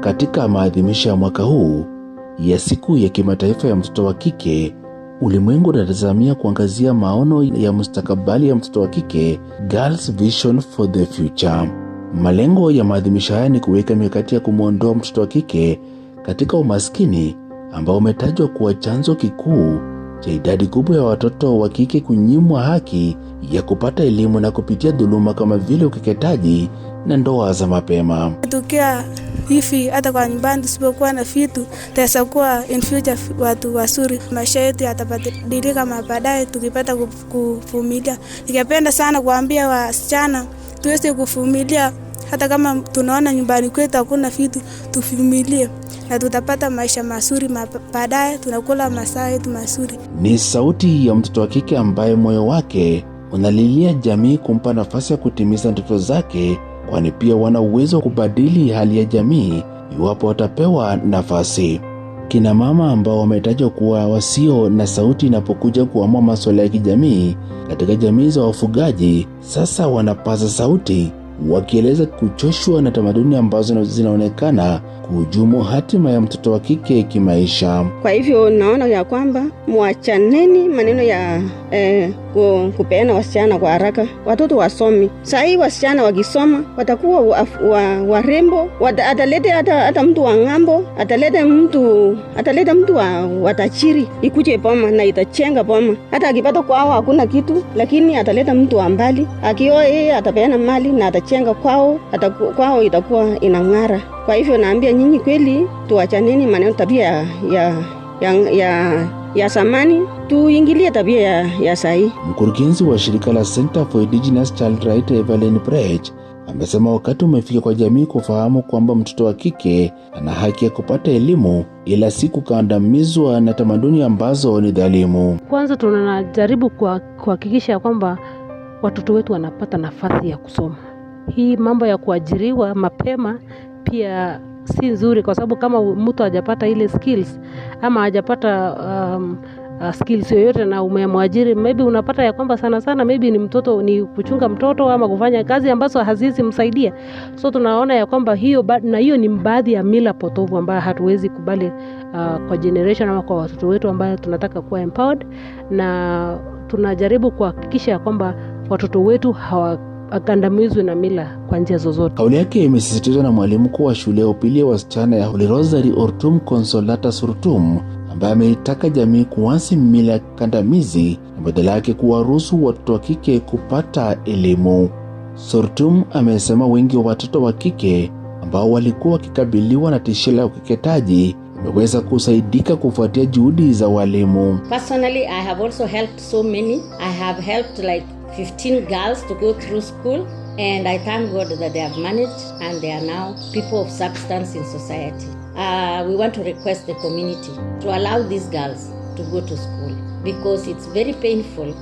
katika maadhimisho ya mwaka huu ya siku ya kimataifa ya mtoto wa kike, ulimwengu unatazamia kuangazia maono ya mustakabali ya mtoto wa kike, Girls Vision for the Future. Malengo ya maadhimisho haya ni kuweka mikakati ya kumwondoa mtoto wa kike katika umaskini ambao umetajwa kuwa chanzo kikuu cha idadi kubwa ya watoto wa kike kunyimwa haki ya kupata elimu na kupitia dhuluma kama vile ukeketaji na ndoa za mapema. Tukia hivi hata kwa nyumbani tusipokuwa na vitu tutaweza kuwa in future watu wazuri, maisha yetu yatabadilika baadaye tukipata kuvumilia. Ningependa sana kuambia wasichana tuweze kuvumilia hata kama tunaona nyumbani kwetu hakuna vitu, tuvumilie na tutapata maisha mazuri baadaye, tunakula masaa yetu mazuri. Ni sauti ya mtoto wa kike ambaye moyo wake unalilia jamii kumpa nafasi ya kutimiza ndoto zake, kwani pia wana uwezo wa kubadili hali ya jamii iwapo watapewa nafasi. Kina mama ambao wametajwa kuwa wasio na sauti inapokuja kuamua masuala ya kijamii katika jamii za wafugaji, sasa wanapaza sauti wakieleza kuchoshwa na tamaduni ambazo zinaonekana kuhujumu hatima ya mtoto wa kike kimaisha. Kwa hivyo naona ya kwamba mwachaneni maneno ya eh, kupeana wasichana kwa haraka, watoto wasomi. Saa hii wasichana wakisoma watakuwa warembo wa, wa atalete hata mtu wa ng'ambo, atalete mtu ataleta mtu wa watachiri ikuje boma na itachenga boma. Hata akipata kwao hakuna kitu, lakini ataleta mtu wa mbali, akioa yeye atapeana mali na atachenga kujenga kwao, hata kwao itakuwa inang'ara. Kwa hivyo naambia nyinyi, kweli tuachaneni maneno tabia ya, ya, ya, ya, ya zamani, tuingilie tabia ya, ya sahii. Mkurugenzi wa shirika la Center for Indigenous Child Rights Evelyn Bridge amesema wakati umefika kwa jamii kufahamu kwamba mtoto wa kike ana haki ya kupata elimu ila si kukandamizwa na tamaduni ambazo ni dhalimu. Kwanza tunajaribu kuhakikisha kwa kwamba watoto wetu wanapata nafasi ya kusoma hii mambo ya kuajiriwa mapema pia si nzuri, kwa sababu kama mtu hajapata ile skills ama hajapata um, uh, skills yoyote na umemwajiri, maybe unapata ya kwamba sana sana maybe ni mtoto, ni kuchunga mtoto ama kufanya kazi ambazo hazizi msaidia. So tunaona ya kwamba hiyo, na hiyo ni baadhi ya mila potovu ambayo hatuwezi kubali uh, kwa generation ama kwa watoto wetu ambayo tunataka kuwa empowered, na tunajaribu kuhakikisha ya kwamba watoto wetu hawa akandamizwe na mila kwa njia zozote. Kauli yake imesisitizwa na mwalimu mkuu wa shule ya upili ya wasichana ya Holy Rosary Ortum Consolata Surtum ambaye ameitaka jamii kuasi mila kandamizi na badala yake kuwaruhusu watoto wa kike kupata elimu. Surtum amesema wengi wa watoto wa kike ambao walikuwa wakikabiliwa na tishio la ukeketaji imeweza kusaidika kufuatia juhudi za walimu. Personally, I have also helped so many. I have helped like 15 girls to go through school. And I thank God that they have managed and they are now people of substance in society. Uh, we want to request the community to allow these girls to go to school because it's very painful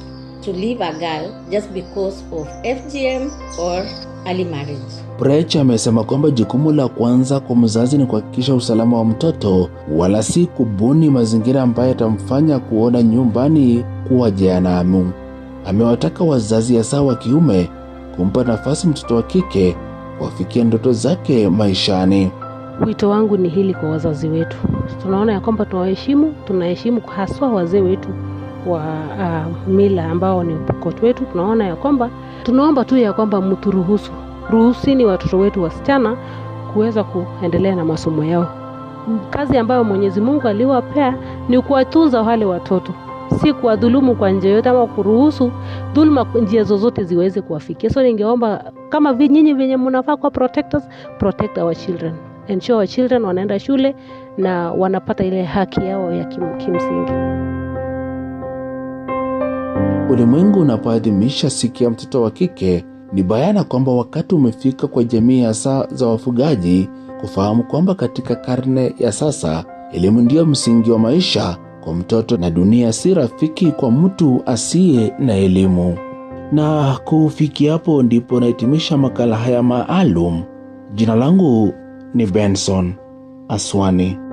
to leave a girl just because of FGM or early marriage. Prech amesema kwamba jukumu la kwanza kwa mzazi ni kuhakikisha usalama wa mtoto, wala si kubuni mazingira ambayo yatamfanya kuona nyumbani kuwa jehanamu amewataka wazazi hasa wa kiume kumpa nafasi mtoto wa kike kuafikia ndoto zake maishani. Wito wangu ni hili kwa wazazi wetu, tunaona ya kwamba tunawaheshimu, tunaheshimu haswa wazee wetu wa uh, mila ambao ni ukoo wetu, tunaona ya kwamba tunaomba tu ya kwamba mturuhusu, ruhusini watoto wetu wasichana kuweza kuendelea na masomo yao. Kazi ambayo Mwenyezi Mungu aliwapea ni kuwatunza wale watoto si kuwadhulumu kwa njia yote ama kuruhusu dhuluma njia zozote ziweze kuwafikia. So ningeomba kama nyinyi vyenye mnafaa kuwa protectors, protect our children, ensure our children wanaenda shule na wanapata ile haki yao ya kim, kimsingi. Ulimwengu unapoadhimisha siku ya mtoto wa kike, ni bayana kwamba wakati umefika kwa jamii hasa za wafugaji kufahamu kwamba katika karne ya sasa elimu ndiyo msingi wa maisha kwa mtoto na dunia si rafiki kwa mtu asiye na elimu. Na kufikia hapo ndipo nahitimisha makala haya maalum. Jina langu ni Benson Aswani.